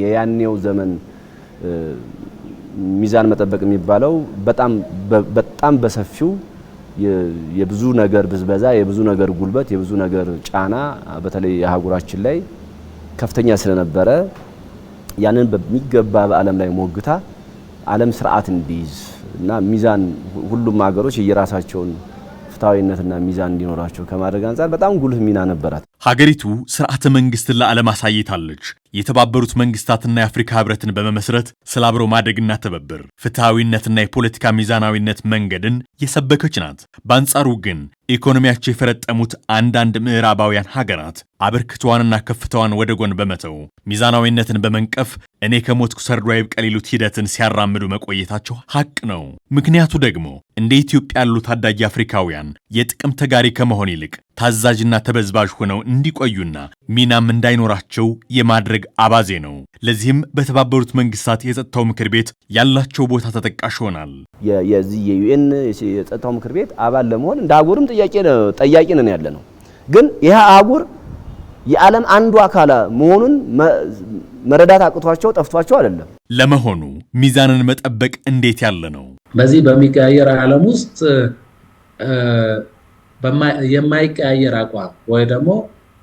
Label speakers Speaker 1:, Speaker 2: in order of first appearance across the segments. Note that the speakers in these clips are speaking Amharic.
Speaker 1: የያኔው ዘመን ሚዛን መጠበቅ የሚባለው በጣም በሰፊው የብዙ ነገር ብዝበዛ፣ የብዙ ነገር ጉልበት፣ የብዙ ነገር ጫና በተለይ የአህጉራችን ላይ ከፍተኛ ስለነበረ ያንን በሚገባ በዓለም ላይ ሞግታ ዓለም ስርዓት እንዲይዝ እና ሚዛን ሁሉም ሀገሮች የየራሳቸውን ፍትሐዊነትና ሚዛን እንዲኖራቸው ከማድረግ አንጻር በጣም ጉልህ ሚና ነበራት።
Speaker 2: ሀገሪቱ ስርዓተ መንግስትን ለዓለም አሳይታለች። የተባበሩት መንግስታትና የአፍሪካ ህብረትን በመመስረት ስለ አብሮ ማደግና ትብብር፣ ፍትሐዊነትና የፖለቲካ ሚዛናዊነት መንገድን የሰበከች ናት። በአንጻሩ ግን ኢኮኖሚያቸው የፈረጠሙት አንዳንድ ምዕራባውያን ሀገራት አበርክቷንና ከፍተዋን ወደ ጎን በመተው ሚዛናዊነትን በመንቀፍ እኔ ከሞትኩ ሰርዶ አይብቀል ቀሊሉት ሂደትን ሲያራምዱ መቆየታቸው ሐቅ ነው። ምክንያቱ ደግሞ እንደ ኢትዮጵያ ያሉ ታዳጊ አፍሪካውያን የጥቅም ተጋሪ ከመሆን ይልቅ ታዛዥና ተበዝባዥ ሆነው እንዲቆዩና ሚናም እንዳይኖራቸው የማድረግ አባዜ ነው። ለዚህም በተባበሩት መንግስታት የጸጥታው ምክር ቤት ያላቸው ቦታ ተጠቃሽ ሆናል።
Speaker 1: የዚህ የዩኤን የጸጥታው ምክር ቤት አባል ለመሆን እንደ አህጉርም ጠያቂ ነን ያለ ነው። ግን ይህ አህጉር የዓለም አንዱ አካል መሆኑን መረዳት አቅቷቸው ጠፍቷቸው አይደለም።
Speaker 2: ለመሆኑ ሚዛንን መጠበቅ እንዴት ያለ ነው?
Speaker 3: በዚህ በሚቀያየር ዓለም ውስጥ የማይቀያየር አቋም ወይ ደግሞ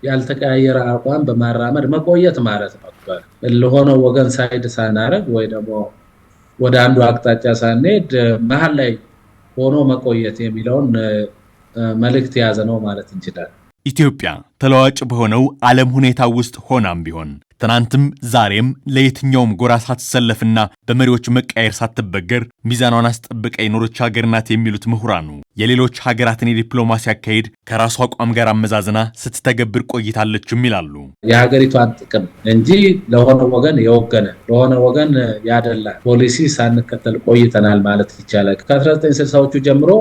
Speaker 3: ያልተቀያየረ አቋም በማራመድ መቆየት ማለት ነው። ለሆነው ወገን ሳይድ ሳናረግ ወይ ደግሞ ወደ አንዱ አቅጣጫ ሳንሄድ መሀል ላይ ሆኖ መቆየት የሚለውን መልእክት የያዘ ነው ማለት እንችላለን።
Speaker 2: ኢትዮጵያ ተለዋጭ በሆነው ዓለም ሁኔታ ውስጥ ሆናም ቢሆን ትናንትም ዛሬም ለየትኛውም ጎራ ሳትሰለፍና በመሪዎች መቃየር ሳትበገር ሚዛኗን አስጠብቃ የኖረች ሀገር ናት የሚሉት ምሁራኑ የሌሎች ሀገራትን የዲፕሎማሲ አካሄድ ከራሱ አቋም ጋር አመዛዝና ስትተገብር ቆይታለችም ይላሉ።
Speaker 3: የሀገሪቷን ጥቅም እንጂ ለሆነ ወገን የወገነ ለሆነ ወገን ያደላ ፖሊሲ ሳንከተል ቆይተናል ማለት ይቻላል። ከ1960ዎቹ ጀምሮ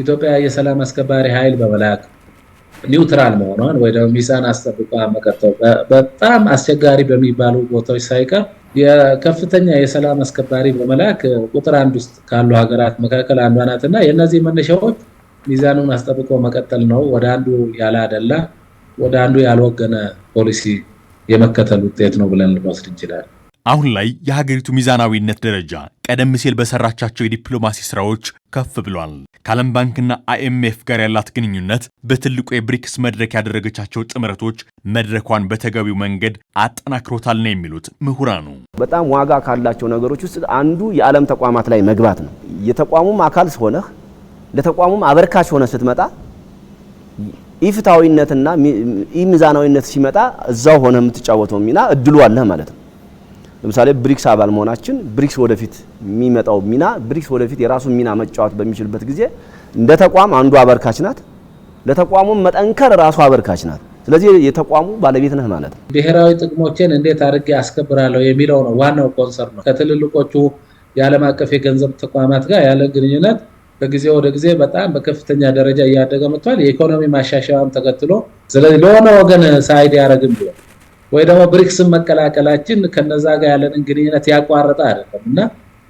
Speaker 3: ኢትዮጵያ የሰላም አስከባሪ ኃይል በመላክ ኒውትራል መሆኗን ወይ ደግሞ ሚዛን አስጠብቃ መቀጠው በጣም አስቸጋሪ በሚባሉ ቦታዎች ሳይቀር የከፍተኛ የሰላም አስከባሪ በመላክ ቁጥር አንድ ውስጥ ካሉ ሀገራት መካከል አንዷ ናት እና የእነዚህ መነሻዎች ሚዛኑን አስጠብቆ መቀጠል ነው። ወደ አንዱ ያላደላ፣ ወደ አንዱ ያልወገነ ፖሊሲ የመከተል ውጤት ነው ብለን ልንወስድ እንችላለን።
Speaker 2: አሁን ላይ የሀገሪቱ ሚዛናዊነት ደረጃ ቀደም ሲል በሰራቻቸው የዲፕሎማሲ ስራዎች ከፍ ብሏል። ከዓለም ባንክና አይኤምኤፍ ጋር ያላት ግንኙነት በትልቁ የብሪክስ መድረክ ያደረገቻቸው ጥምረቶች መድረኳን በተገቢው መንገድ አጠናክሮታል ነው የሚሉት ምሁራኑ።
Speaker 1: በጣም ዋጋ ካላቸው ነገሮች ውስጥ አንዱ የዓለም ተቋማት ላይ መግባት ነው። የተቋሙም አካል ሆነህ ለተቋሙም አበርካች ሆነ ስትመጣ ኢፍታዊነትና ኢሚዛናዊነት ሲመጣ እዛው ሆነ የምትጫወተው ሚና እድሉ አለህ ማለት ነው። ለምሳሌ ብሪክስ አባል መሆናችን ብሪክስ ወደፊት የሚመጣው ሚና ብሪክስ ወደፊት የራሱን ሚና መጫወት በሚችልበት ጊዜ እንደ ተቋም አንዱ አበርካች ናት። ለተቋሙም መጠንከር ራሱ አበርካች ናት። ስለዚህ የተቋሙ ባለቤት ነህ ማለት ነው።
Speaker 3: ብሔራዊ ጥቅሞችን እንዴት አድርጌ አስከብራለሁ የሚለው ነው ዋናው ኮንሰር ነው። ከትልልቆቹ የዓለም አቀፍ የገንዘብ ተቋማት ጋር ያለ ግንኙነት በጊዜ ወደ ጊዜ በጣም በከፍተኛ ደረጃ እያደገ መጥቷል። የኢኮኖሚ ማሻሻያም ተከትሎ ስለዚህ ለሆነ ወገን ሳይድ ያደረግም ቢሆን ወይ ደግሞ ብሪክስን መቀላቀላችን ከነዛ ጋር ያለንን ግንኙነት ያቋረጠ አይደለም እና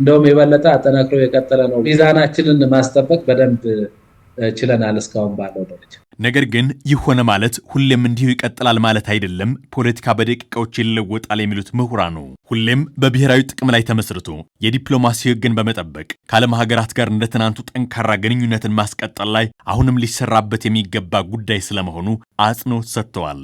Speaker 3: እንደውም የበለጠ አጠናክሮ የቀጠለ ነው። ሚዛናችንን ማስጠበቅ በደንብ ችለናል እስካሁን ባለው ደረጃ።
Speaker 2: ነገር ግን ይህ ሆነ ማለት ሁሌም እንዲሁ ይቀጥላል ማለት አይደለም። ፖለቲካ በደቂቃዎች ይለወጣል የሚሉት ምሁራኑ ሁሌም በብሔራዊ ጥቅም ላይ ተመስርቶ የዲፕሎማሲ ሕግን በመጠበቅ ከዓለም ሀገራት ጋር እንደ ትናንቱ ጠንካራ ግንኙነትን ማስቀጠል ላይ አሁንም ሊሰራበት የሚገባ ጉዳይ ስለመሆኑ አጽንኦት ሰጥተዋል።